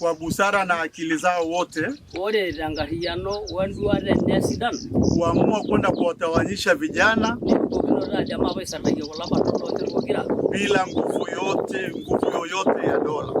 kwa busara na akili zao wote ore rangariano wenduare nesidan kuamua kwenda kuwatawanyisha vijana bila nguvu yote nguvu yoyote ya dola.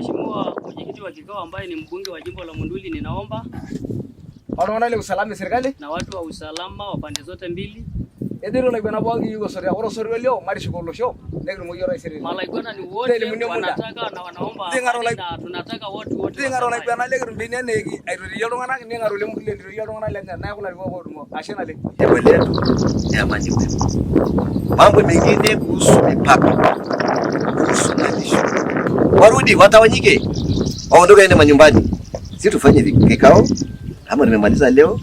Mheshimiwa mwenyekiti wa kikao ambaye ni mbunge wa jimbo la Monduli, ninaomba wanaona ile usalama serikali na watu wa usalama wa pande zote mbili ediro laigwana bwangi yuko sori aworo sori welio marishi kolo show negro moyo rais serikali malaigwana ni wote wanataka na wanaomba dingaro like tunataka watu wote dingaro like bana legro ndine negi airori yolongana dingaro le mukile ndiro yolongana le na kula kwa bodumo ashana le yabeletu ya majibu mambo mengine kuhusu mipaka kuhusu warudi, watawanyike, waondoke ende manyumbani. Si tufanye vikao, kama nimemaliza leo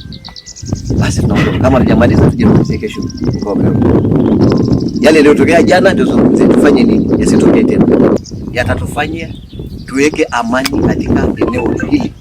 basi tunaondoka, kama tujamaliza tujirudi kesho. Yale yaliyotokea jana ndio tufanye nini, yasitokee tena, yatatufanyia tuweke amani katika eneo hili.